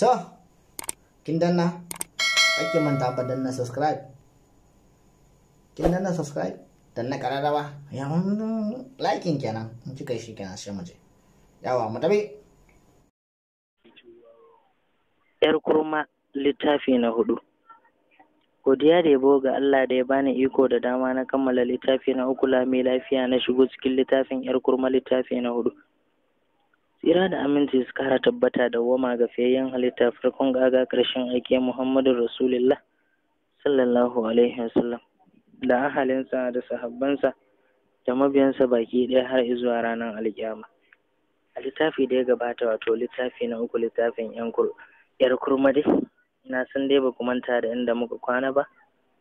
to kin danna ake manta dan na subscribe Kindan na subscribe Dan danna kararrawa yawon likin kenan in kika shi kenan sai mu je yawa mu tabi yar kurma littafi na hudu godiya da yabo ga Allah da ya bani iko da dama na kammala littafi na uku lami lafiya na shigo cikin littafin yar kurma littafi na hudu tsira da aminci su kara tabbata da wama ga fiyayyen halitta farkon gaga ƙarshen aiki muhammadu rasulullah sallallahu alaihi wasallam da ahalinsa da sahabbansa da mabiyansa baki ɗaya har zuwa ranar alƙiyama a littafi da ya gabata wato littafi na uku littafin yar kurma na san dai ba ku manta da inda muka kwana ba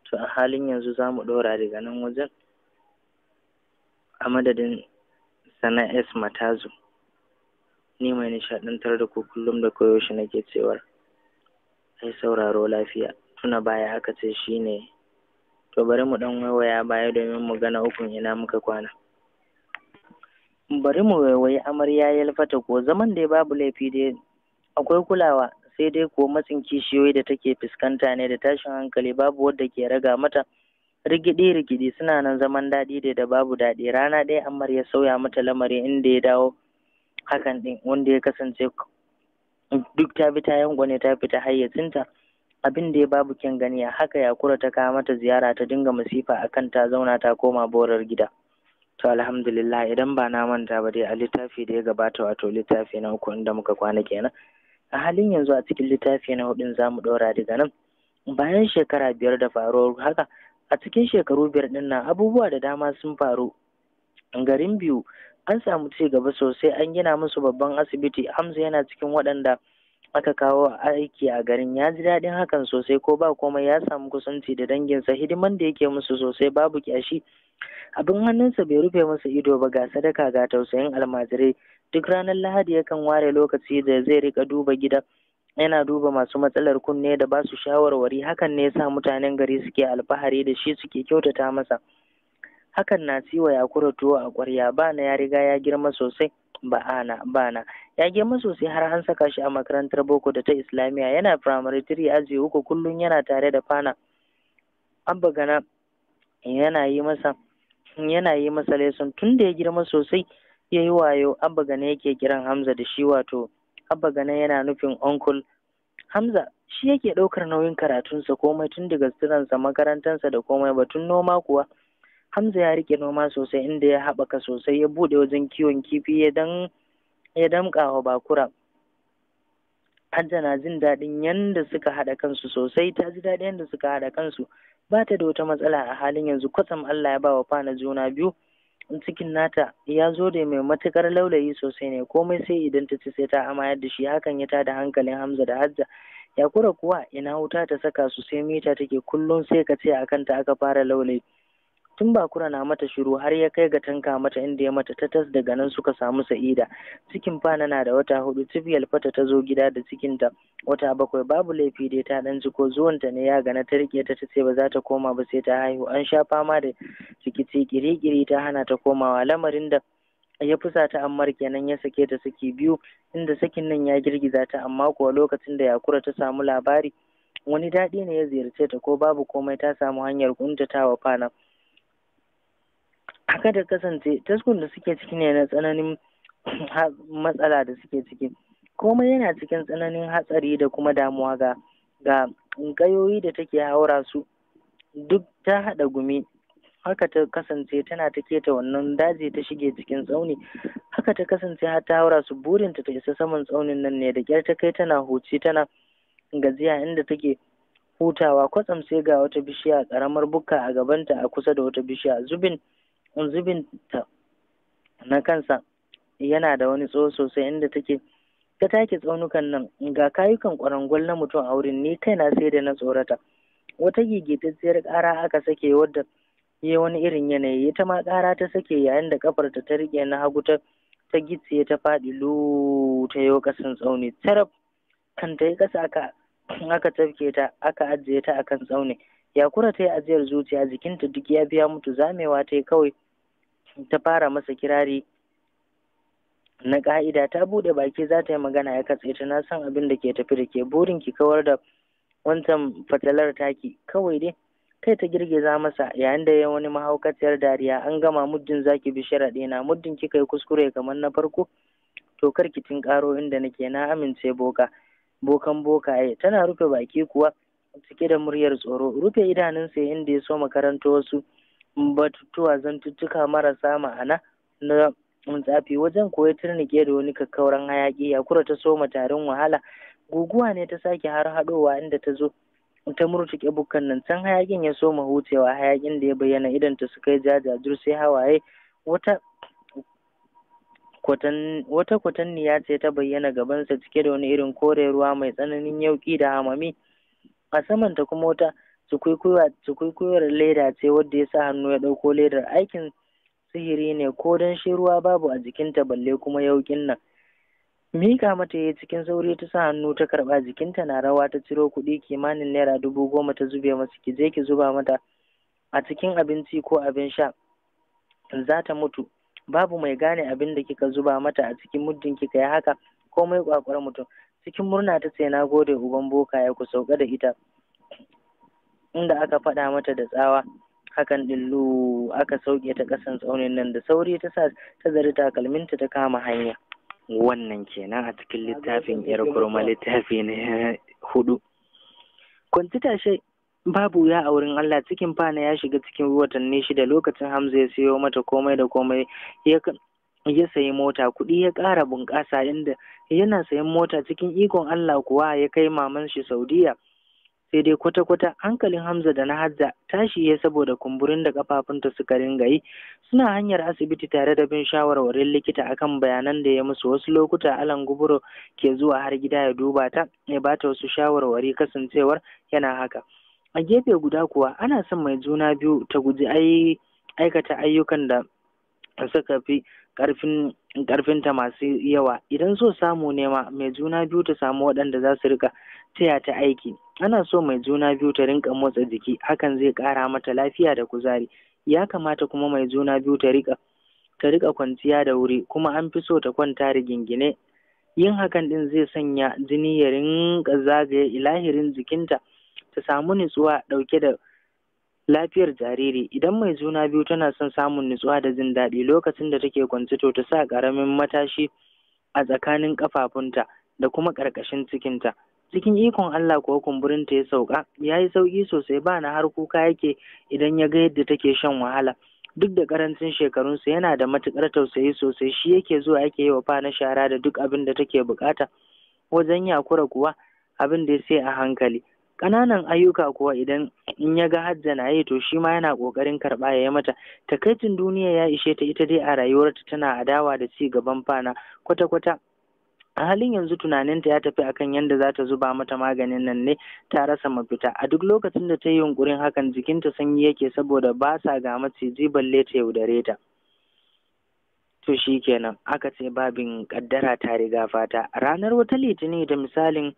to a halin yanzu za mu ɗora daga nan wajen a madadin sana'es matazu ni mai nishaɗantar da ku kullum da koyaushe nake cewar ai sauraro lafiya tuna baya aka ce shine to bari mu ɗan waiwaya baya domin mu gana ukun ina muka kwana bari mu waiwayi amarya ya lafata ko zaman dai babu laifi dai akwai kulawa sai dai ko matsin kishiyoyi da take fuskanta ne da tashin hankali babu wadda ke raga mata rigidi rigidi suna nan zaman daɗi da da babu daɗi rana ɗaya amarya sauya mata lamari inda ya dawo hakan din wanda ya kasance duk ta bi ta ne ta fita hayyacinta abin da ya babu kyan gani a haka ya yakura ta kawo mata ziyara ta dinga masifa a kan ta zauna ta koma borar gida to alhamdulillah idan ba na manta ba dai a littafi da ya gabata wato littafi na uku inda muka kwana kenan a halin yanzu a cikin littafi na hudun za mu ɗora daga nan bayan shekara biyar da faruwar haka a cikin shekaru biyar ɗin nan abubuwa da dama sun faru garin biyu an samu ci gaba sosai an gina musu babban asibiti hamza yana cikin waɗanda aka kawo aiki a garin ya ji daɗin hakan sosai ko ba komai ya samu kusanci da danginsa hidiman da yake musu sosai babu kyashi abin hannunsa bai rufe masa ido ba ga sadaka ga tausayin almajirai duk ranar lahadi yakan ware lokaci da zai rika duba gida yana duba masu matsalar kunne da ba su shawarwari hakan ne ya sa mutanen gari suke alfahari da shi suke kyautata masa hakan na siwa ya kura tuwo a ƙwarya na ya riga ya girma sosai ba ana, ba na ya girma sosai har an saka shi a makarantar boko da ta islamiyya yana firamare tiri aji uku kullum yana tare da fana abba gana yana yi masa yana yi lesson tun da ya girma sosai ya yi wayo abba gana yake kiran hamza da shi wato abba gana yana nufin uncle hamza shi yake ɗaukar nauyin karatunsa komai tun daga suturansa makarantarsa da komai batun noma kuwa Hamza ya rike noma sosai inda ya haɓaka sosai ya buɗe wajen kiwon kifi ya dan ya damƙa wa bakura. Hajja na jin daɗin yanda suka haɗa kansu sosai ta ji daɗin yanda suka haɗa kansu ba ta da wata matsala a halin yanzu kwatsam Allah ya ba wa fana juna biyu cikin nata ya zo da mai matuƙar laulayi sosai ne komai sai idan ta ci sai ta amayar da shi hakan ya tada hankalin Hamza da Hajja yakura kuwa ina wuta ta saka su sai mita take kullum sai ka ce a kanta aka fara laulayi tun ba bakura na mata shiru har ya kai ga tanka mata inda ya mata tatas daga nan suka samu sa'ida cikin fana na da wata hudu tibiyal fata ta zo gida da cikin ta wata bakwai babu laifi dai ta dan zuwan ta ne ya gana ta rike ta ce ba za ta koma ba sai ta haihu an sha fama da rikici kiri-kiri ta hana ta komawa lamarin da ya fusata ammar kenan ya sake ta saki biyu inda sakin nan ya girgiza ta amma kuwa lokacin da yakura ta samu labari wani daɗi ne ya ziyarce ta ko babu komai ta samu hanyar kuntatawa fana haka da kasance taskun da suke ciki ne na tsananin matsala da suke ciki komai yana cikin tsananin hatsari da kuma damuwa ga ga ƙayoyi da take haura su duk ta haɗa gumi haka ta kasance tana ta keta wannan daji ta shige cikin tsauni haka ta kasance har ta haura su burinta ta isa saman tsaunin nan ne da kyar ta kai tana huci tana gajiya inda take hutawa kwatsam sai ga wata bishiya karamar bukka a gabanta a kusa da wata bishiya zubin zubin ta na kansa yana da wani tsoho sosai inda take ta take tsaunukan nan ga kayukan kwarangwal na mutum a wurin ni kaina sai da na tsorata wata gigitacciyar ƙara aka sake wadda ya wani irin yanayi ita ma ƙara ta sake yayin da kafarta ta riƙe na hagu ta ta gitse ta faɗi lu ta yi ƙasan tsauni tarab kan ta yi ƙasa aka aka tafke ta aka ajiye ta akan tsauni yakura ta yi ajiyar zuciya jikinta duk ya biya mutu zamewa ta yi kawai ta fara masa kirari na ka'ida ta buɗe baki za ta yi magana ya katse ta na san abin da ke tafi da ke burin ki kawar da wancan fatalar taki kawai dai kai ta girgiza masa yayin da ya wani mahaukaciyar dariya an gama muddin zaki bi sharaɗe na muddin kika yi kuskure kamar na farko to kar ki tinkaro inda nake na amince boka bokan boka ai tana rufe baki kuwa cike da muryar tsoro rufe idanunsa inda ya so makarantar wasu batutuwa zantuttuka marasa ma'ana na tsafi wajen koya turnike da wani kakkauran hayaƙi yakura ta soma tarin wahala guguwa ne ta sake har haɗowa inda ta zo ta murtuke bukkan nan can hayaƙin ya soma hucewa hayaƙin da ya bayyana idan ta suka yi jajajur sai hawaye wata wata ya ce ta bayyana gabansa cike da wani irin kore ruwa mai tsananin yauki da hamami a saman ta, kuma wata Cukurkuyar leda ce wadda ya sa hannu ya ɗauko ledar, aikin sihiri ne ko don shi ruwa babu a jikinta balle kuma yauƙin nan. Mika mata ya cikin sauri ta sa hannu ta karɓa jikinta na rawa ta ciro kuɗi kimanin naira dubu goma ta zube masa ki je ki zuba mata a cikin abinci ko abin sha za ta mutu babu mai gane abin da kika zuba mata a cikin muddin kika yi haka komai kwakwar mutum cikin murna ta ce na gode uban boka ya ku sauka da ita inda aka faɗa mata da tsawa hakan dillu aka sauke ta ƙasan tsaunin nan da sauri ta sa ta zari takalminta ta kama hanya wannan kenan a cikin littafin yar kurma littafi na hudu kwanci tashe babu ya a wurin Allah cikin fana ya shiga cikin watanni shida lokacin Hamza ya siyo mata komai da komai ya sayi mota kuɗi ya ƙara bunƙasa inda yana sayan mota cikin ikon Allah kuwa ya kai maman shi Saudiya sai dai kwata-kwata hankalin Hamza da na Hajja ta ya saboda kumburin da kafafunta suka ringa yi suna hanyar asibiti tare da bin shawarwarin likita akan bayanan da ya musu wasu lokuta Alan Guburo ke zuwa har gida ya duba ta ya bata wasu shawarwari kasancewar yana haka a gefe guda kuwa ana son mai juna biyu ta guji aikata ayyukan da suka fi karfin karfinta masu yawa idan so samu nema mai juna biyu ta samu waɗanda za su rika taya ta aiki ana so mai juna biyu ta rinka motsa jiki hakan zai ƙara mata lafiya da kuzari ya kamata kuma mai juna biyu ta rika ta rika kwanciya da wuri kuma an fi so ta kwanta rigingine yin hakan din zai sanya jini ya rinka zagaye ilahirin jikinta ta samu nutsuwa dauke da lafiyar jariri idan mai juna biyu tana son samun nutsuwa da jin daɗi lokacin da take kwance to ta sa ƙaramin matashi a tsakanin ƙafafunta da kuma ƙarƙashin cikinta cikin ikon Allah kuwa kumburinta ya sauka ya yi sauki sosai ba na har kuka yake idan ya ga yadda take shan wahala duk da karancin shekarunsa yana da matukar tausayi sosai shi yake zuwa yake yi wa fa na shara da duk abin da take bukata wajen yakura kuwa abin da ya sai a hankali ƙananan ayyuka kuwa idan in ya ga hajja na yi to shi ma yana ƙoƙarin karɓa ya yi mata takaicin duniya ya ishe ta ita dai a rayuwarta tana adawa da ci gaban fana kwata-kwata a halin yanzu tunaninta ya tafi akan yadda za ta zuba mata maganin nan ne ta rasa mafita a duk lokacin da ta yi yunkurin hakan jikinta sanyi yake saboda ba sa ga maciji balle ta yaudare ta to shi kenan aka ce babin kaddara ta riga fata ranar wata litini da misalin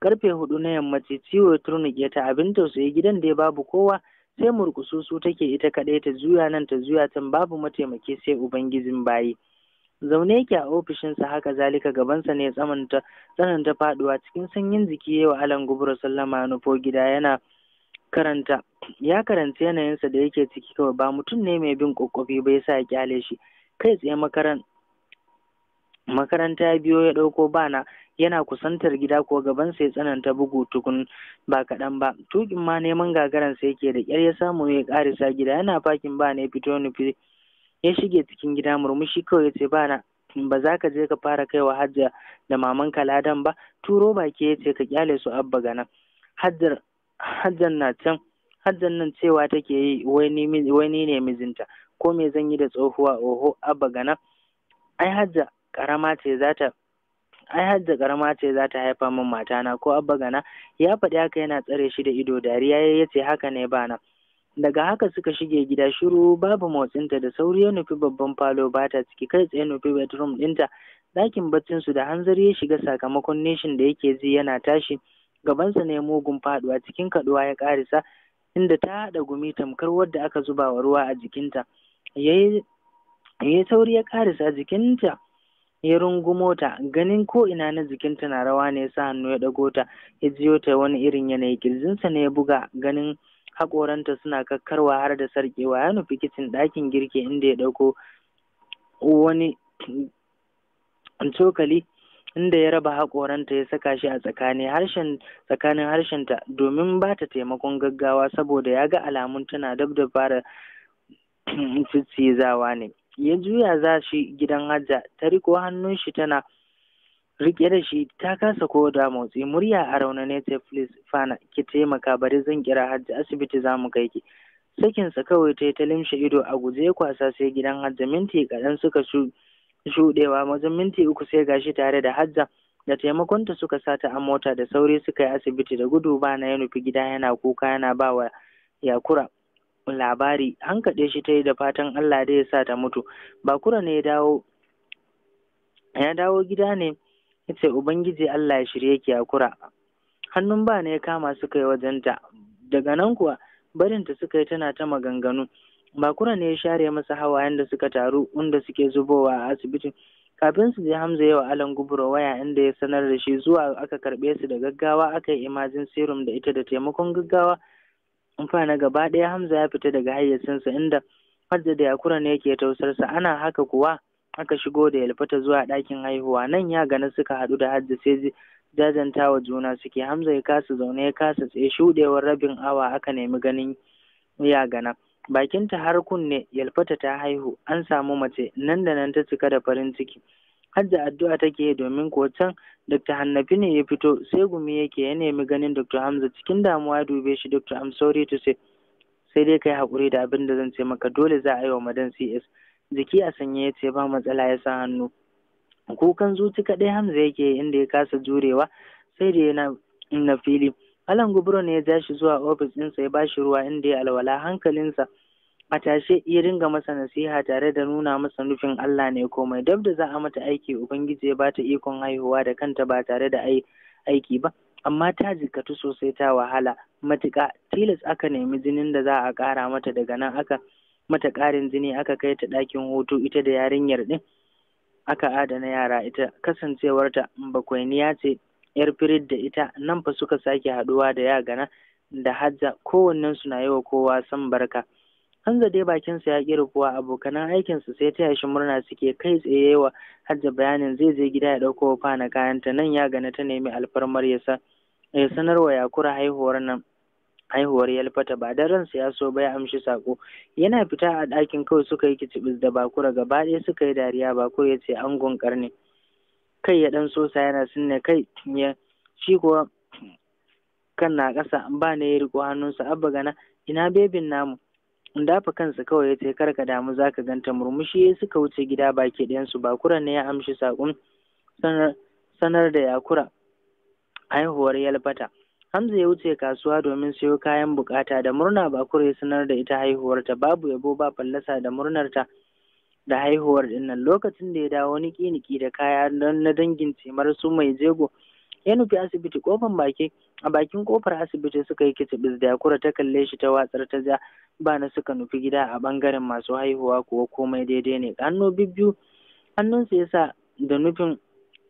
karfe hudu na yammaci ciwo ya turnuke ta abin tausayi gidan da babu kowa sai murkususu take ita kaɗai ta juya nan ta juya can babu mataimaki sai ubangijin bayi zaune yake a ofishinsa haka zalika gabansa ne tsananta tsananta faduwa cikin sanyin jiki ya wa alan gubura sallama nufo gida yana karanta ya karanta yanayinsa da yake ciki kawai ba mutum ne mai bin kokofi bai sa ya kyale shi kai tsaye makaran makaranta biyo ya ɗauko bana yana kusantar gida ko gaban sai tsananta bugu tukun ba kaɗan ba tukin ma neman gagaransa yake da ƙyar ya samu ya ƙarisa gida yana fakin ba ne fito nufi ya shige cikin gida murmushi kawai ya ce bana ba za ka je ka fara kaiwa hajja da maman ladan ba turo baki ya ce ka kyale su abba gana hajjar hajjan nan cewa take yi wani ne mijinta ko me zan yi da tsohuwa oho abba gana ai hajja karama ce za ta ai hajja karama ce za ta haifa min matana ko abba gana ya faɗi haka yana tsare shi da ido dariya ya ce haka ne bana daga haka suka shige gida shiru babu motsinta da sauri ya nufi babban falo ba ta ciki kai tsaye nufi bedroom ɗinta ɗakin su da hanzari ya shiga sakamakon nishin da yake ji yana tashi gabansa ne mugun faɗuwa cikin kaduwa ya ƙarisa inda ta haɗa gumi tamkar wadda aka zuba wa ruwa a jikinta yayi sauri ya ƙarisa jikinta ya rungumo ta ganin ko ina na jikinta na rawa ne sa hannu ya ɗago ta ya jiyo ta wani irin yanayi kirjinsa ne ya buga ganin haƙoranta suna kakkarwa har da sarƙewa ya nufi kicin ɗakin girki inda ya ɗauko wani cokali inda ya raba haƙoranta ya saka shi a tsakanin harshen tsakanin harshenta domin ba ta taimakon gaggawa saboda ya ga alamun tana dab da fara cizawa ne ya juya za shi gidan hajja ta riko hannun shi tana rike da shi ta kasa ko da motsi murya a raunane ta please fana ki taimaka bari zan kira hajji asibiti za mu kai ki sakinsa kawai ta yi ta limshe ido a guje kwasa sai gidan Hajji, minti kaɗan suka shuɗewa wajen minti uku sai gashi tare da hajja da taimakonta suka sata a mota da sauri suka yi asibiti da gudu ba na ya nufi gida yana kuka yana ba wa yakura labari an kaɗe shi ta yi da fatan allah da ya sa ta mutu bakura ne ya dawo ya dawo gida ne ya ce ubangiji allah ya shirye ki a kura hannun ba ne ya kama suka yi wajenta daga nan kuwa barinta suka yi tana ta maganganu bakura ne ya share masa hawayen da suka taru inda suke zubowa a asibitin kafin su je hamza yawa alan gubro waya inda ya sanar da shi zuwa aka karbe su da gaggawa aka yi imajin serum da ita da taimakon gaggawa in na gaba ɗaya hamza ya fita daga hayyacinsa inda har da yakura ne yake tausarsa ana haka kuwa aka shigo da yalfata zuwa ɗakin haihuwa nan ya gani suka haɗu da hajji sai jajantawa juna suke hamza ya kasa zaune ya kasa tsaye shuɗewar rabin awa aka nemi ganin ya gana bakinta har kunne yalfata ta haihu an samu mace nan da nan ta cika da farin ciki hajji addu'a take domin ko can dr hannafi ne ya fito sai gumi yake ya nemi ganin dr hamza cikin damuwa ya dube shi dr i'm sorry to sai dai kai haƙuri da abin da zan ce maka dole za a yi wa madan cs jiki a sanye ya ce ba matsala ya sa hannu kukan zuci kaɗai hamza yake inda ya kasa jurewa sai da yana na fili alan gubro ne ya ja shi zuwa ofis ɗinsa ya bashi ruwa inda ya alwala hankalinsa a tashe ya dinga masa nasiha tare da nuna masa nufin Allah ne komai dab da za a mata aiki ubangiji ya bata ikon haihuwa da kanta ba tare da aiki ba amma ta jikatu sosai ta wahala matuƙa tilas aka nemi jinin da za a ƙara mata daga nan aka mata ƙarin jini aka kai ta ɗakin hutu ita da yarinyar ɗin aka adana yara ita kasancewarta bakwainiya ce yar firid da ita nan fa suka sake haɗuwa da yagana da hajja kowannensu na yi kowa san barka Hamza dai bakinsa ya ƙi rufuwa abokanan aikinsa sai ta yashi murna suke kai tsaye wa hajja bayanin zai je gida ya ɗauko fa na kayanta nan yagana ta nemi alfarmar ya sanarwa yakura haihuwar nan haihuwar yalfata ba da ransa ya so ba ya amshi sako yana fita a ɗakin kawai suka yi kicibis da bakura gaba ɗaya suka yi dariya bakura ya ce angon ƙarni kai ya ɗan sosa yana sinne kai ya shi kuwa kan na ƙasa ba ne ya riko hannunsa abba gana ina bebin namu dafa kansa kawai ya ce kar ka damu ka ganta murmushi ya suka wuce gida baki ɗayansu bakura ne ya amshi saƙon sanar da yakura haihuwar yalfata Hamza ya wuce kasuwa domin siyo kayan bukata da murna Bakure ya sanar da ita haihuwarta babu yabo ba fallasa da murnar ta da haihuwar dinnan lokacin da ya dawo wani niki da kaya don na dangin cimar su mai jego ya nufi asibiti kofan baki a bakin kofar asibiti suka yi kicibis da yakura ta kalle shi ta watsar ta ja ba na suka nufi gida a bangaren masu haihuwa ko komai daidai ne hannu bibbiyu hannunsa ya sa da nufin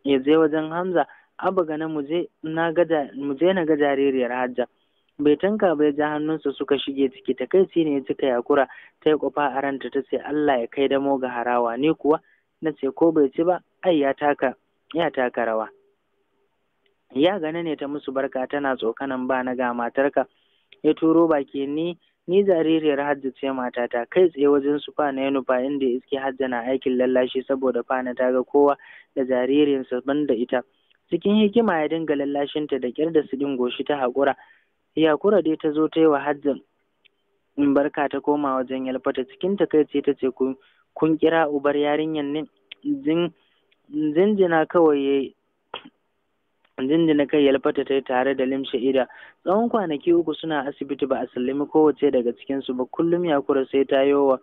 ya je wajen hamza abu ga na muje na ga jaririyar hajja bai tanka bai ja hannunsa suka shige ciki ta kai ne ya cika yakura ta yi kwafa a ranta ta ce Allah ya kai damo ga harawa ni kuwa na ce ko bai ci ba ai ya taka ya taka rawa ya gane ne ta musu barka tana tsokanan ba na ga matarka ya turo baki ni ni jaririyar Hajja ce matata kai tsaye wajen su fa na ya nufa inda iske hajja na aikin lallashi saboda fa na ta ga kowa da jaririnsa banda ita cikin hikima ya dinga lallashinta da kyar da su dingo shi ta haƙura yakura dai ta zo ta yi wa hajjin in barka ta koma wajen yalfata cikin ce ta ce kun kira ubar yarinyar ne zinjina kawai ya jinjina kai yalfata ta yi tare da limshe ida tsawon kwanaki uku suna asibiti ba a sallami kowace daga cikinsu ba kullum yakura sai ta yi wa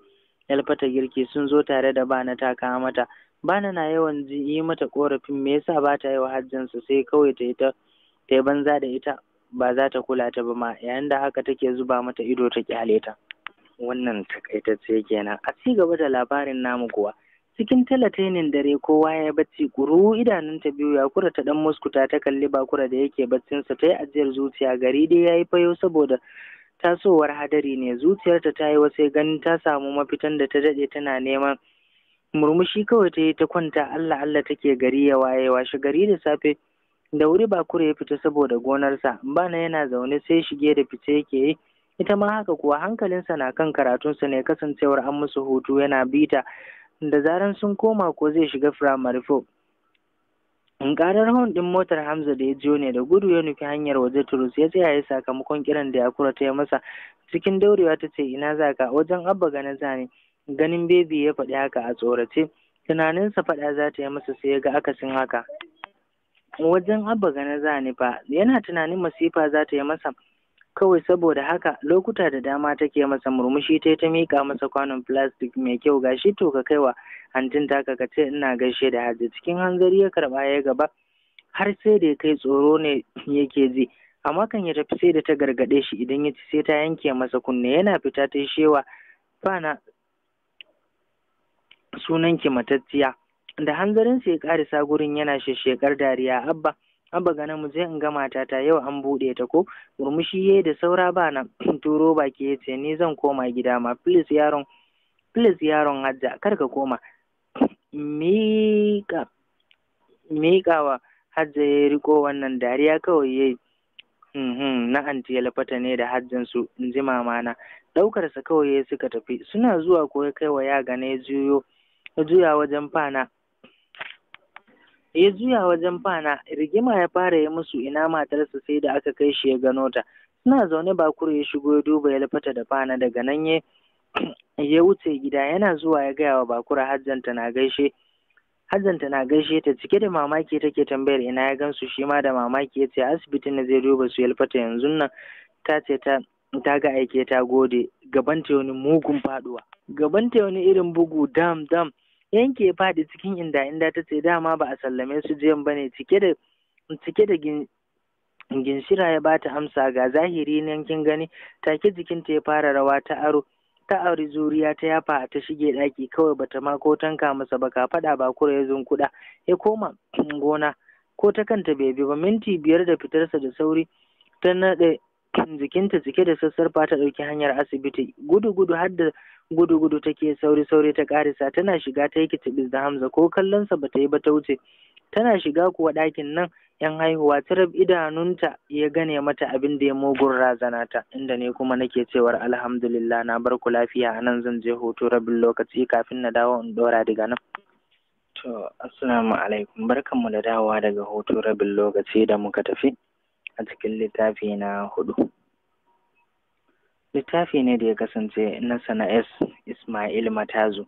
yalfata girki sun zo tare da bana ta kawo mata bana na yawan ji yi mata korafin me yasa ba ta yi wa hajjansa sai kawai ta yi ta ta yi banza da ita ba za ta kula ta ba ma yayin da haka take zuba mata ido ta kyale ta wannan takaitacce kenan a ci gaba da labarin namu kuwa cikin talatainin dare kowa ya bacci kuru idanun ta biyu ya yakura ta dan muskuta ta kalli bakura da yake baccinsa ta yi ajiyar zuciya gari dai ya yi fayo saboda tasowar hadari ne zuciyarta ta yi wasai ganin ta samu mafitan da ta daɗe tana neman murmushi kawai ta yi ta kwanta Allah Allah take gari ya waye washe gari da safe da wuri ba kure ya fita saboda gonarsa bana yana zaune sai shige da fice yake yi ita ma haka kuwa hankalinsa na kan karatunsa ne kasancewar an musu hutu yana bita da zaran sun koma ko zai shiga firamare fo Ƙarar hon ɗin motar Hamza da ya jiyo ne da gudu ya nufi hanyar waje Turus ya tsaya ya sakamakon kiran da ya kura ta masa cikin daurewa ta ce ina za ka wajen abba na, zane ganin bebi ya faɗi haka a tsorace tunaninsa faɗa za ta yi masa sai ya ga akasin haka wajen abba gane za fa yana tunanin masifa za ta yi masa kawai saboda haka lokuta da dama take masa murmushi ta ta miƙa masa kwanon plastic mai kyau gashi to ka kaiwa hantin taka ka ce ina gaishe da haji cikin hanzari ya karɓa ya gaba har sai da ya kai tsoro ne yake ji amma kan ya tafi sai da ta gargaɗe shi idan ya ci sai ta yanke masa kunne yana fita ta shewa fana sunanki matacciya da hanzarin sai karisa gurin yana shekar dariya abba abba gana mu je in ga matata yau an buɗe ta ko murmushi ye da saura ba na turo baki ke ce ni zan koma gida ma please yaron please yaron hajja kar ka koma miƙa wa hajja ya riko wannan dariya kawai yayi mm-hmm, na anti yalfata ne da hajjin su in ji mamana ɗaukarsa kawai suka tafi suna zuwa ko kai wa ya gane juyo ya juya wajen fana ya juya wajen fana rigima ya fara yi musu ina matarsa sai da aka kai shi ya gano ta suna zaune bakuru ya shigo ya duba ya lafata da fana daga nan ya ya wuce gida yana zuwa ya gaya wa bakura hajjanta na gaishe hajjanta na gaishe ta cike da mamaki take tambayar ina ya gansu shi ma da mamaki ya ce asibitin na zai duba su ya yanzu nan ta ce ta ta ga aike ta gode gaban ta wani mugun faduwa gaban ta wani irin bugu dam dam yanke ya faɗi cikin inda inda ta ce dama ba a sallame su jiyan ba ne cike da ginshira ya bata amsa ga zahiri nan kin gani take jikinta ya fara rawa ta aro ta auri zuriya ta yafa ta shige daki kawai bata ma ko tanka masa ba ka faɗa ba kura ya zunkuɗa ya koma gona ko ta kanta bai ba minti biyar da fitarsa da sauri ta naɗe jikinta cike da sassarfa ta ɗauki hanyar asibiti gudu gudu har da gudu-gudu take sauri-sauri ta karisa tana shiga ta yi kitibis da Hamza ko kallonsa ba ta yi ba ta wuce. Tana shiga kuwa ɗakin nan ‘yan haihuwa ta rab idanunta ya gane mata abin da ya mugun razana ta inda ne kuma nake cewar alhamdulillah na bar ku lafiya a nan zan je hoto rabin lokaci kafin na dawo in ɗora daga nan. To assalamu alaikum barkanmu da dawowa daga hoto rabin lokaci da muka tafi a cikin littafi na hudu. littafi ne da ya kasance na sana'es Ismail Matazu.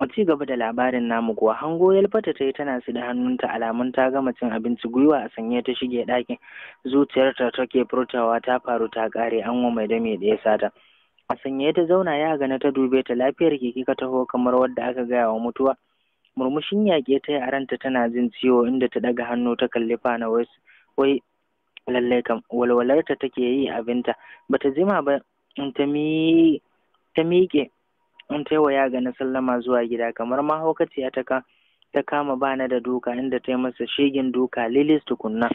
A ci gaba da labarin namu kuwa hango yalfata ta yi tana su da hannunta alamun ta gama cin abinci gwiwa a sanye ta shige ɗakin zuciyarta take furtawa ta faru ta ƙare an wa mai dame da ya sata. A sanye ta zauna ya gana ta dube ta lafiyar keke ka taho kamar wadda aka gaya wa mutuwa. Murmushin yaƙe ta yi a ranta tana jin ciwo inda ta ɗaga hannu ta kalli fana wai lallai kam walwalarta take yi abinta bata jima ba in ta mi ta miƙe in ta yi wa yaga na sallama zuwa gida kamar mahaukaci ta ka ta kama bana da duka inda ta yi masa shegin duka lilis tukunna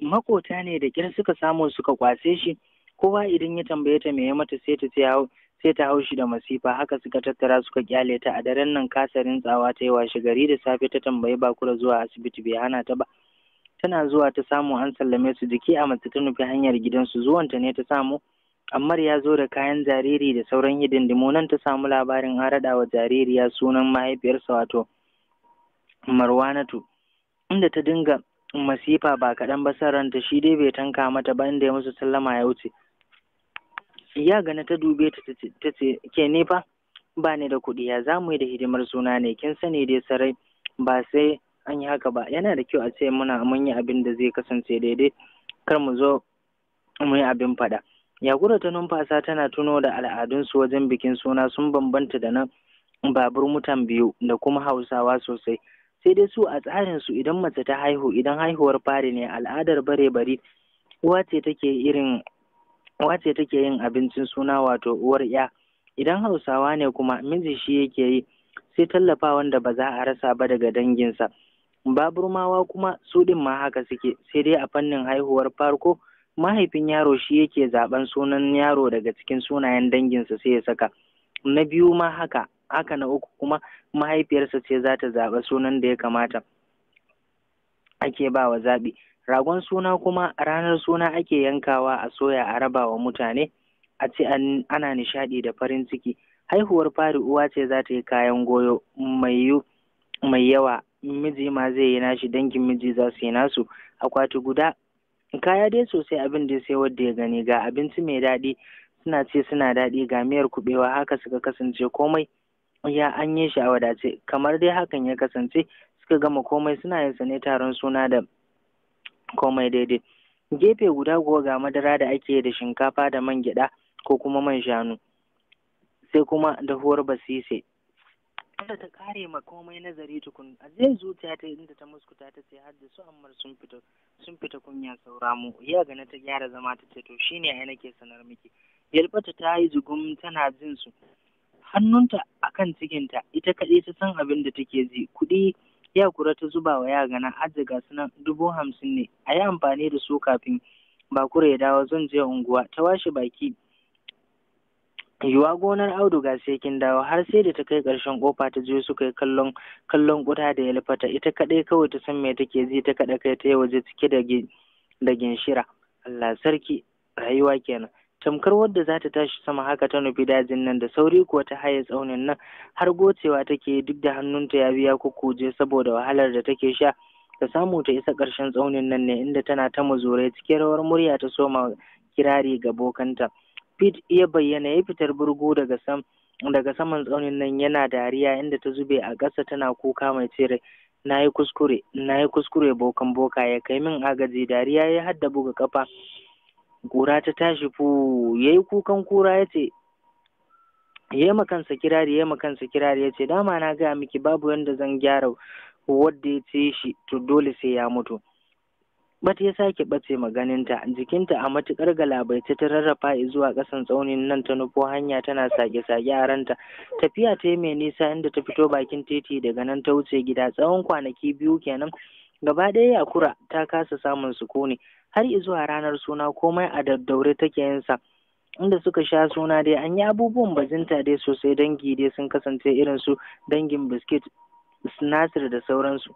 makota ne da kyar suka samu suka kwase shi kowa idan ya tambaye ta me ya mata sai ta sai ta haushi da masifa haka suka tattara suka kyale ta a daren nan kasarin tsawa ta yi washe gari da safe ta tambayi bakura zuwa asibiti bai hana ta ba tana zuwa ta samu an sallame su jiki a mace ta nufi hanyar gidansu zuwanta ne ta samu ammar ya zo da kayan jariri da sauran hidindimu nan ta samu labarin an raɗa wa jaririya sunan mahaifiyarsa wato marwanatu inda ta dinga masifa ba kaɗan ba ranta shi dai bai tanka mata ba inda ya musu sallama ya wuce ya gana ta dube ta ta ce ke ne fa ba ni da kuɗi ya za mu yi da hidimar suna ne kin sani dai sarai ba sai an yi haka ba yana da kyau a ce muna mun yi abin da zai kasance daidai kar mu zo mu yi abin faɗa yagura ta numfasa tana tuno da al'adunsu wajen bikin suna sun bambanta da na babur mutan biyu da kuma hausawa sosai sai dai su a tsarin su idan mace ta haihu idan haihuwar fari ne al'adar bare bari uwa ce take irin uwa ce take yin abincin suna wato uwar ya idan hausawa ne kuma miji shi yake yi sai tallafa wanda ba za a rasa ba daga danginsa Baburmawa kuma su ɗin ma haka suke, sai dai a fannin haihuwar farko mahaifin yaro shi yake zaɓen sunan yaro daga cikin sunayen danginsa sai ya saka. Na biyu ma haka, haka na uku kuma mahaifiyarsa ce za ta zaɓa sunan da ya kamata ake ba wa zaɓi. Ragon suna kuma ranar suna ake yankawa a soya a raba wa mutane, a ce ana nishaɗi da farin ciki. Haihuwar fari uwa ce za ta yi kayan goyo mai yawa miji ma zai yi nashi dangin miji za su yi nasu akwati guda kaya dai sosai abin da sai wadda ya gani ga abinci mai daɗi suna ce suna daɗi ga miyar kuɓewa haka suka kasance komai ya an yi shi a wadace kamar dai hakan ya kasance suka gama komai suna yin sane taron suna da komai daidai gefe guda kuwa ga madara da ake da shinkafa da man gyaɗa ko kuma man shanu sai kuma dahuwar basise kada ta kare ma komai nazari tukun a zai zuciya ta inda ta muskuta ta ce har da su amma sun fita kunya saura mu ya gana ta gyara zama ta ce to shine ai nake sanar miki yalbata ta yi jigum tana jin su hannunta akan cikinta ita kaɗai ta san abin da take ji kuɗi ya kura ta zuba wa ya gana ajiga sunan dubu hamsin ne a yi amfani da su kafin bakura ya dawo zan je unguwa ta washe baki yiwa gonar auduga sai kin dawo har sai da ta kai ƙarshen ƙofa ta je suka yi kallon kallon kuta da ya lifata ita kaɗai kawai ta san me take ji ta kaɗa kai ta yi waje cike da da ginshira Allah sarki rayuwa kenan tamkar wadda za ta tashi sama haka ta nufi dajin nan da sauri kuwa ta haye tsaunin nan har gocewa take duk da hannunta ya biya kukuje saboda wahalar da take sha ta samu ta isa ƙarshen tsaunin nan ne inda tana ta muzurai cikin rawar murya ta soma kirari ga bokanta. Pete ya bayyana ya fitar burgo daga sam daga saman tsaunin nan yana dariya inda ta zube a ƙasa tana kuka mai cire na yi kuskure na yi kuskure bokan boka ya kai min agaji dariya ya hadda buga kafa kura ta tashi fu ya yi kukan kura ya ce ya yi makansa kirari ya yi makansa kirari ya ce dama na gaya miki babu yadda zan gyara wadda ya ce shi to dole sai ya mutu Bat ya sake ɓace maganinta, jikinta a matuƙar galabai ta ta rarrafa zuwa ƙasan tsaunin nan ta nufo hanya tana saƙe sake a ranta. Tafiya ta yi mai nisa inda ta fito bakin titi daga nan ta wuce gida tsawon kwanaki biyu kenan. Gaba ɗaya yakura ta kasa samun sukuni har zuwa ranar suna komai a daddaure take yinsa. inda suka sha suna dai an yi abubuwan bazinta dai sosai dangi dai sun kasance irin su dangin biskit sinasir da sauransu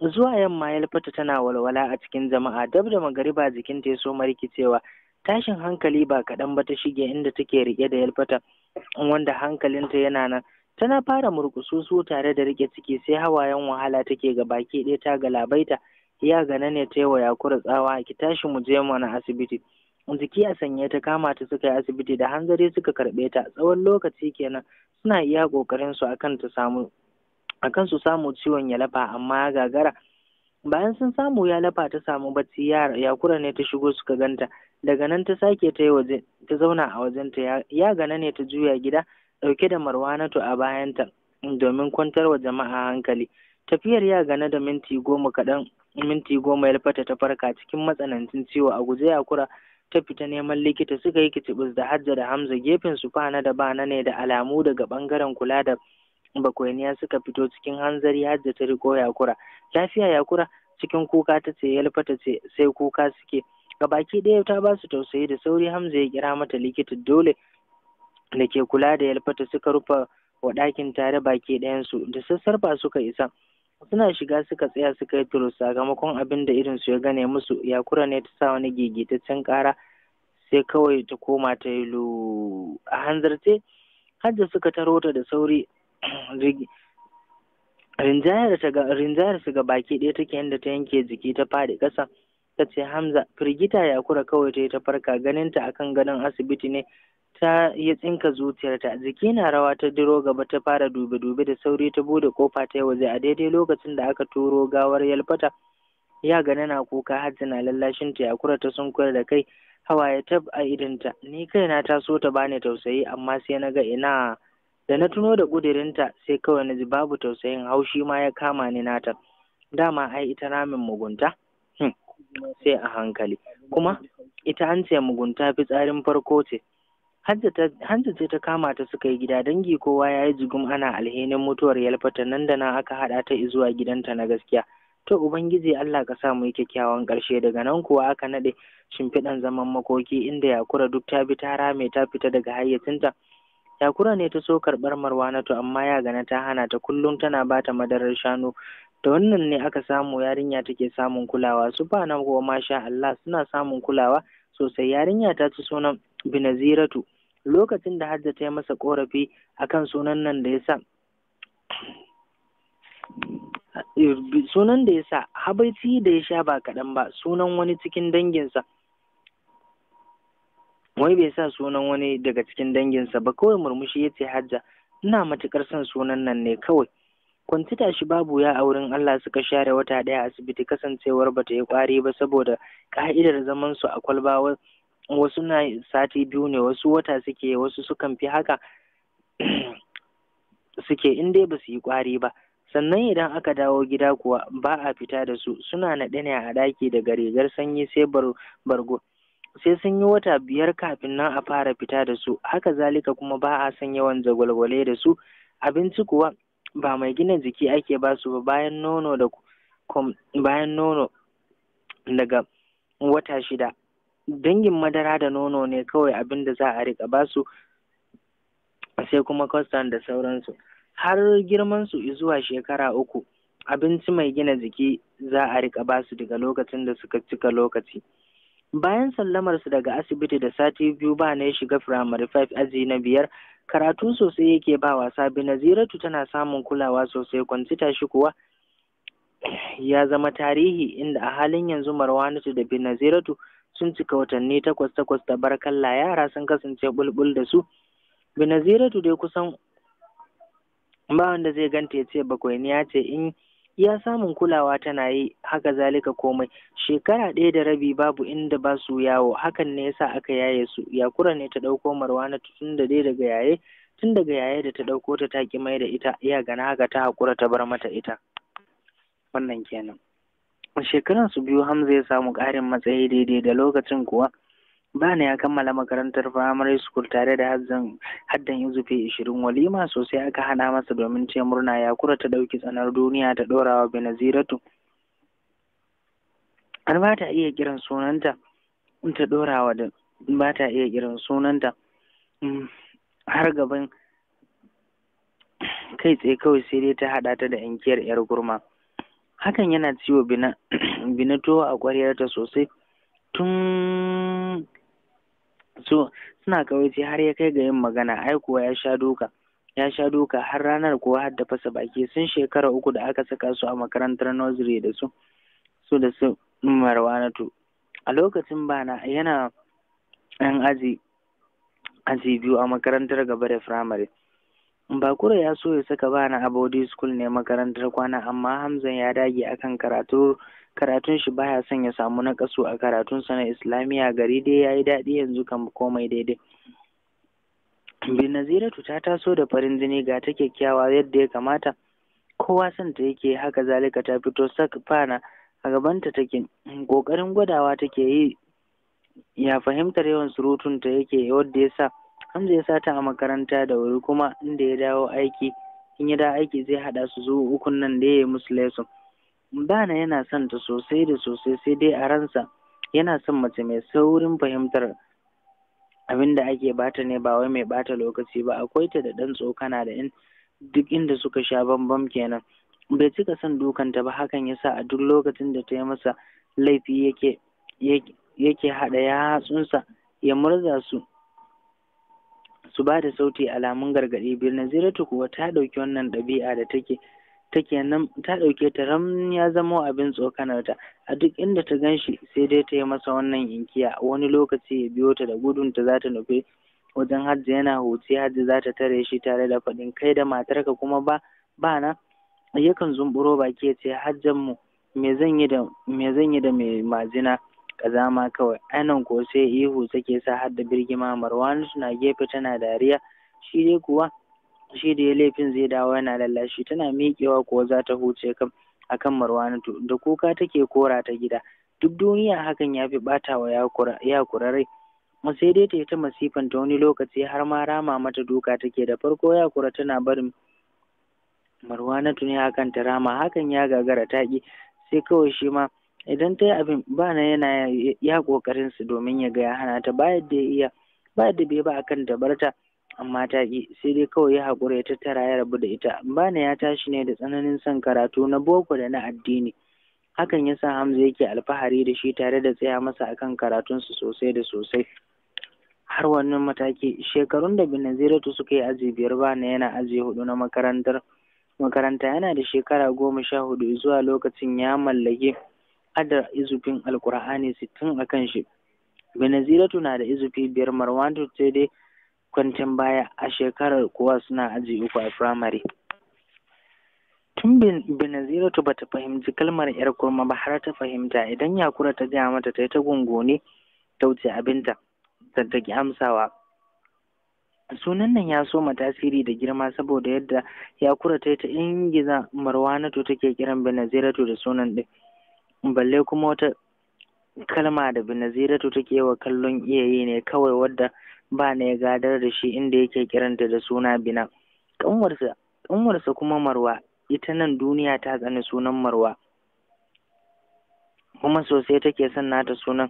zuwa yamma Yalfata tana walwala a cikin jama'a dab da magariba jikin ta so cewa tashin hankali ba kaɗan ba ta shige inda take riƙe da yalfata wanda hankalinta yana nan tana fara murkusu su tare da rike ciki sai hawayen wahala take ga baki ɗaya ta galabaita ya gana ne ta yi wa yakura tsawa ki tashi mu je mana asibiti jiki a sanye ta kama ta suka yi asibiti da hanzari suka karɓe ta tsawon lokaci kenan suna iya ƙoƙarin su akan ta samu akan su samu ciwon ya lafa amma ya gagara bayan sun samu ya lafa ta samu bacci yakura ne ta shigo suka ganta daga nan ta sake ta waje ta zauna a wajenta ya gana ne ta juya gida ɗauke da marwanatu a bayanta domin kwantar wa jama'a hankali tafiyar ya gana da minti goma kaɗan minti goma ya fata ta farka cikin matsanancin ciwo a guje yakura ta fita neman likita suka yi kicibis da hajja da hamza gefen su fana da bana ne da alamu daga bangaren kula da Bakwainiya suka fito cikin hanzari hajja ta riko yakura lafiya yakura cikin kuka ta ce yalfa ta ce sai kuka suke gabaki ɗaya ta ba su tausayi da sauri hamza ya kira mata likita dole da ke kula da yalfata suka rufa wa ɗakin tare baki ɗayansu da sassarfa suka isa suna shiga suka tsaya suka yi turu sakamakon abin da irin su ya gane musu yakura ne ta sa wani gegetaccen ƙara sai kawai ta koma ta yi lu a hanzarce hajja suka taro ta da sauri Rinjayar su ga baki ɗaya take yadda ta yanke jiki ta faɗi ƙasa ta ce hamza firgita ya kura kawai ta yi ta farka ganinta a kan gadon asibiti ne ta yi tsinka zuciyarta jiki na rawa ta diro gaba ta fara dube-dube da sauri ta bude kofa ta yi waje a daidai lokacin da aka turo gawar yalfata ya gani na kuka hajji na lallashin ta kura ta sunkuyar da kai ya tab a idinta ni kaina ta so ta bani tausayi amma sai na ga ina Da na tuno da ƙudirinta sai kawai na ji babu tausayin haushi ma ya kama ni nata. Dama ai ita ramin mugunta? Hmm, sai a hankali. Kuma ita an ce mugunta fitsarin farko ce. Hanta ce ta kama ta suka yi gida dangi kowa ya yi jigum ana alhinin mutuwar yalfata nan da nan aka haɗa ta zuwa gidanta na gaskiya. To Ubangiji Allah ka sa yi kyakkyawan ƙarshe daga nan kuwa aka naɗe shimfiɗan zaman makoki inda yakura duk ta bi ta rame ta fita daga hayyacinta. Yakura ne ta so karɓar Marwanatu amma ya gana ta hana ta kullum tana ba ta madarar shanu. Da wannan ne aka samu yarinya take samun kulawa su ba na kuwa masha Allah suna samun kulawa sosai yarinya ta ci sunan Binaziratu lokacin da Hajja ta yi masa korafi akan sunan nan da ya sa sunan da ya sa habaici da ya sha ba kaɗan ba sunan wani cikin danginsa wai bai sa sunan wani daga cikin danginsa ba kawai murmushi ya ce hajja ina matukar son sunan nan ne kawai kwantita shi babu ya a wurin Allah suka share wata ɗaya asibiti kasancewar bata yi ƙwari ba saboda ka'idar zaman su a kwalba wasu na sati biyu ne wasu wata suke wasu sukan fi haka suke in dai ba su yi ƙwari ba sannan idan aka dawo gida kuwa ba a fita da su suna naɗe ne a ɗaki daga rigar sanyi sai bargo sai sun yi wata biyar kafin nan a fara fita da su haka zalika kuma ba a son yawan zagwalgwale da su abinci kuwa ba mai gina jiki ake ba su ba bayan nono da bayan nono daga wata shida dangin madara da nono ne kawai abin da za a rika ba su sai kuma kwastan da sauransu har girman su zuwa shekara uku abinci mai gina jiki za a rika ba su daga lokacin da suka cika lokaci bayan sallamarsu daga asibiti da sati biyu ba na ya shiga firamare 5 aji na biyar karatu sosai yake ba wasa binaziratu tana samun kulawa sosai ta shi kuwa ya zama tarihi inda a halin yanzu marwanatu da binaziratu sun cika watanni takwas takwas da barkalla yara sun kasance bulbul da su binaziratu dai kusan ba wanda zai ganta ya ce bakwai ce in Ya samun kulawa tana yi haka zalika komai shekara ɗaya da rabi babu inda ba su yawo hakan ne yasa aka yaye su yakura ne ta ɗauko marwana tun da dai daga yaye tun daga yaye da ta ɗauko ta taƙi mai da ita iya gana haka ta haƙura ta bar mata ita wannan kenan shekaran su biyu hamza ya samu ƙarin matsayi daidai da lokacin kuwa Bana ya kammala makarantar firamare school tare da haddan haddan izufe ishirin walima sosai aka hana masa domin ce murna ya kura ta ɗauki tsanar duniya ta ɗorawa Benaziratu. An ba ta iya kiran sunanta ta ɗorawa da ba ta iya kiran sunanta mm, har gaban kai tsaye kawai sai dai ta haɗa ta da yankiyar 'yar gurma. Hakan yana ciwo bina, bina a kwaryarta sosai tun so suna kawaici har ya kai ga yin magana ai kuwa ya sha duka ya sha duka har ranar kuwa har da fasa baki sun shekara uku da aka saka su a makarantar nursery da su su da su marwanatu a lokacin bana yana yan aji aji biyu a makarantar gaba da firamare Bakura ya so ya saka bana a boarding school ne makarantar kwana amma Hamza ya dage akan karatu karatun shi baya son ya samu nakasu a karatunsa na Islamiyya gari dai yayi daɗi yanzu kan komai daidai. Binaziratu ta taso da farin jini ga ta kyakkyawa yadda ya kamata kowa son ta yake haka zalika ta fito sak fana a gabanta take kokarin gwadawa take yi ya fahimtar yawan surutun ta yake wadda ya sa Hamza ya sata a makaranta da wuri kuma inda ya dawo aiki in ya dawo aiki zai haɗa su zuwa ukun nan da ya yi musu lesson. Bana yana son ta sosai da sosai sai dai a ransa yana son mace mai saurin fahimtar abin da ake bata ne ba wai mai bata lokaci ba akwai ta da ɗan tsokana da in duk inda suka sha bambam kenan bai cika son dukanta ba hakan yasa a duk lokacin da ta yi masa laifi yake yake haɗa yatsunsa ya murza su su ba da sauti alamun gargaɗi biyu naziratu kuwa ta ɗauki wannan ɗabi'a da take take nan ta ɗauke ta ram ya zama abin ta a duk inda ta ganshi, sai dai ta yi masa wannan inkiya wani lokaci ya biyo ta da gudun ta za ta nufi wajen hajji yana hoci hajji za ta tare shi tare da faɗin kai da matarka kuma ba ba na yakan zumburo baki ya ce hajjan mu me zan yi da me zan yi da mai mazina ƙazama kawai anan ko sai ihu take sa har da birgima marwan na gefe tana dariya shi dai kuwa shi da laifin zai dawo yana lallashi tana miƙewa kuwa za ta huce kan akan marwanatu da kuka take kora ta gida duk duniya hakan ya fi ɓata wa yakura rai sai dai ta yi ta masifan ta wani lokaci har ma rama mata duka take da farko yakura tana barin marwanatu ne hakan ta rama hakan ya gagara taki, sai kawai shi ma idan ta yi abin ba na yana ya kokarin su domin ya ga ya hana ta ba yadda ya iya ba yadda bai ba akan ta barta amma ta ki sai dai kawai ya haƙura ya tattara ya rabu da ita bana ya tashi ne da tsananin son karatu na boko da na addini hakan ya sa hamza yake alfahari da shi tare da tsaya masa akan su sosai da sosai har wannan mataki shekarun da binaziratu suka yi aji biyar ba na yana aji hudu na makarantar makaranta yana da shekara goma sha hudu zuwa lokacin ya mallake da izufin alkur'ani sittin a kan shi benaziratu na da izufi biyar marwantu sai dai kwantin baya a shekarar kowa suna aji uku a firamare tun benaziratu bata fahimci kalmar yar kurma ba har ta fahimta idan yakura ta gaya mata ta yi ta gungone ta wuce abinta ta ki amsawa sunan nan ya soma tasiri da girma saboda yadda yakura ta yi ta ingiza marwanatu take kiran benaziratu da sunan ɗin balle kuma wata kalma da binaziratu take wa kallon iyaye ne kawai wadda ba na ya gadar da shi inda yake kiranta da suna bina ƙanwarsa kanwarsa kuma marwa ita nan duniya ta tsani sunan marwa kuma sosai take son nata sunan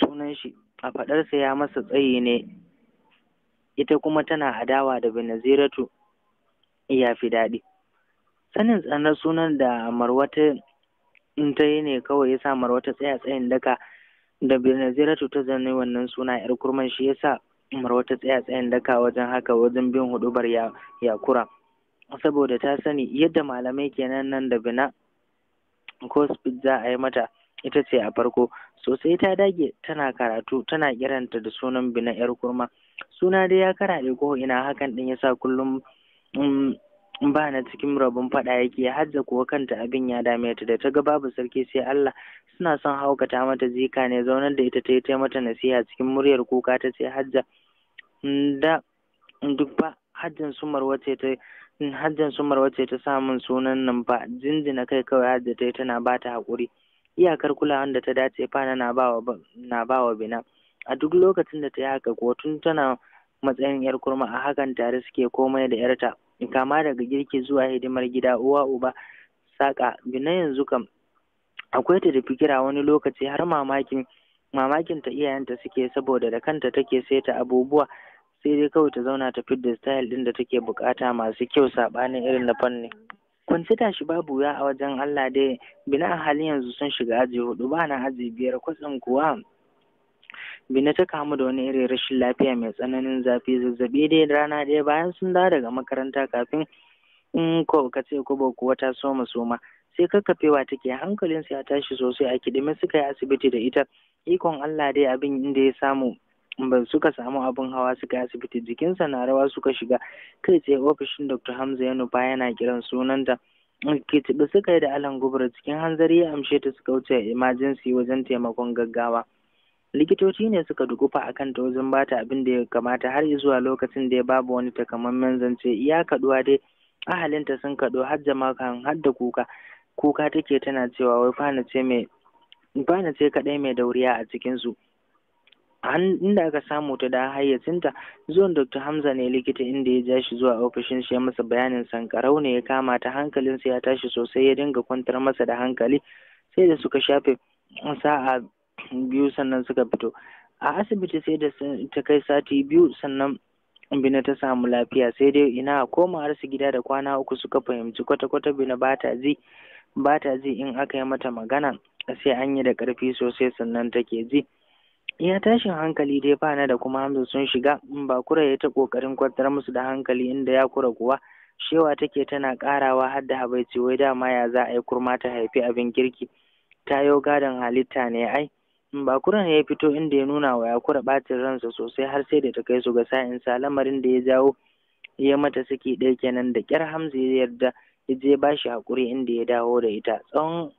sunan shi a faɗarsa ya masa tsayi ne ita kuma tana adawa da binaziratu ya fi daɗi sanin tsanar sunan da marwa ta In ta yi ne kawai ya sa Marwa ta tsaya tsayin daka da Naziratu ta zane wannan suna yar kurman shi yasa Marwa ta tsaya tsayin daka wajen haka wajen bin hudubar yakura saboda ta sani yadda malamai kenan nan da bina ko speed za a yi mata ita ce a farko sosai ta dage tana karatu tana kiranta da sunan bina yar kurma suna dai ya karaɗe ko ina hakan din yasa kullum mm, ba na cikin rabin faɗa yake hajja kuwa kanta abin ya dame ta da ta ga babu sarki sai Allah suna son haukata mata zika ne zaunar da ita ta yi mata nasiha cikin muryar kuka ta ce hajja da duk ba hajjan sumar wace ta hajjan sumar wace ta samun sunan nan ba jinjina kai kawai hajja ta yi tana ba ta haƙuri iyakar kulawan da ta dace fana na bawa na bawa bina a duk lokacin da ta yi haka ko tun tana matsayin yar kurma a hakan tare suke komai da yarta kama daga girki zuwa hidimar gida uwa uba saƙa na yanzu kam akwai ta da fikira wani lokaci har mamakin mamakin ta iyayenta suke saboda da kanta take saita abubuwa sai dai kawai ta zauna ta da style ɗin da take bukata masu kyau saɓanin irin na fanni. ta shi babu wuya a wajen Allah dai bina a halin yanzu sun shiga aji hudu ba na aji biyar kwatsam kuwa Bina ta kamu da wani irin rashin lafiya mai tsananin zafi zazzabi dai rana ɗaya bayan sun dawo daga makaranta kafin in ko ka ce ko kuwa ta soma soma sai kakkafewa take hankalin sa ya tashi sosai a kidime suka yi asibiti da ita ikon Allah dai abin inda ya samu ba suka samu abin hawa suka yi asibiti jikinsa na rawa suka shiga kai tsaye ofishin Dr. Hamza ya nufa yana kiran sunanta. Kitibi suka yi da Alan Gubra cikin hanzari ya amshe ta suka wuce emergency wajen taimakon gaggawa. likitoci ne suka dukufa akan kanta wajen ta abin da ya kamata har zuwa lokacin da ya babu wani takamaiman zance iya kaduwa dai ahalinta sun kaɗo har jama'a har da kuka kuka take tana cewa wai fana ce mai fana ce kaɗai mai dauriya a cikin cikinsu inda aka samu ta da hayyacinta zuwan dr hamza ne likita inda ya ja shi zuwa ofishin shi ya masa bayanin sankarau ne ya kama ta hankalinsa ya tashi sosai ya dinga kwantar masa da hankali sai da suka shafe sa'a biyu sannan suka fito a asibiti sai da ta kai sati biyu sannan bina ta samu lafiya sai dai ina koma su gida da kwana uku suka fahimci kwata-kwata bina ba ta ji ba ta ji in aka yi mata magana sai an yi da ƙarfi sosai sannan take ji Ya tashin hankali dai fana da kuma hamza sun shiga ba kura ya ta ƙoƙarin kwantar musu da hankali inda ya kura kuwa shewa take tana ƙarawa har da habaici wai dama ya za a yi kurma ta haifi abin kirki ta yo gadon halitta ne ai bakuran ya fito inda ya nuna wa Yakura bacin ransa sosai har sai da ta kai su ga sa lamarin da ya jawo ya mata saki ɗaya kenan da ƙyar Hamza ya yarda ya je ba shi haƙuri inda ya dawo da ita tsawon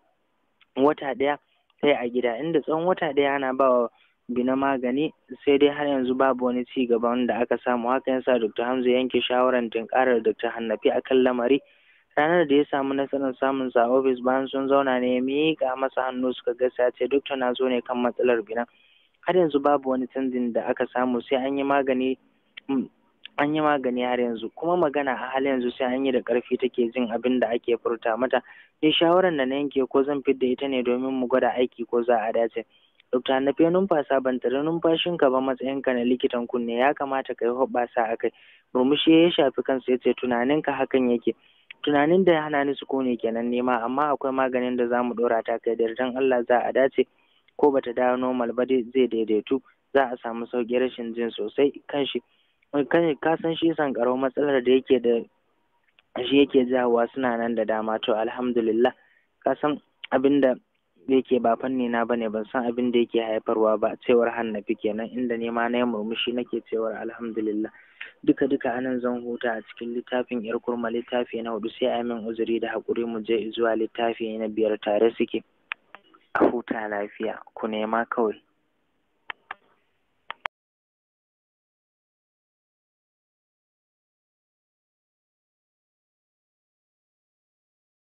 wata ɗaya sai a gida inda tsawon wata ɗaya ana ba wa bina magani sai dai har yanzu babu wani ci gaba da aka samu haka yasa Dr. Hamza yanke shawarar tunkarar Dr. Hannafi akan lamari ranar da ya samu nasarar samun a ofis bayan sun zauna ne ya miƙa masa hannu suka gasa ce duk tana zo ne kan matsalar binan har yanzu babu wani canjin da aka samu sai an yi magani mm, an yi magani har yanzu kuma magana a halin yanzu sai an yi da ƙarfi take jin abin da ake furta mata ni shawaran da na yanke ko zan fidda ita ne domin mu gwada aiki ko za a dace dokta na fiye numfasa ban tare numfashinka ba matsayinka na likitan kunne ya kamata ka yi hoɓɓasa a kai murmushi ya shafi kansa ya ce tunaninka hakan yake tunanin da ya hana ni ne kenan nema amma akwai maganin da zamu dora ta kai da dan Allah za a dace ko bata dawo normal ba zai daidaitu za a samu sauki rashin jin sosai kan shi ka san shi sankarau matsalar da yake da shi yake jawowa suna nan da dama to alhamdulillah ka san abin da yake ba fanni na bane ban san abin da yake haifarwa ba cewar hannafi kenan inda nema na yi murmushi nake cewar alhamdulillah duka duka anan zan huta a cikin littafin yar kurma littafi na hudu sai a min uzuri da haƙuri mu je zuwa littafi na biyar tare suke a huta lafiya ku nema kawai